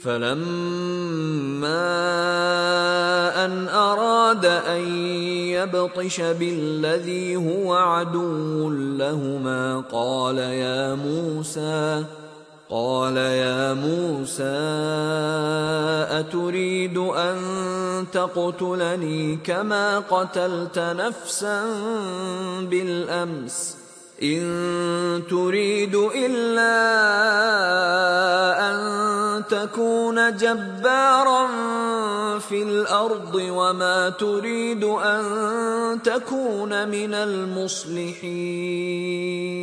فلما ان اراد ان يبطش بالذي هو عدو لهما قال يا موسى قال يا موسى اتريد ان تقتلني كما قتلت نفسا بالامس ان تريد الا أن تكون جبارا في الارض وما تريد ان تكون من المصلحين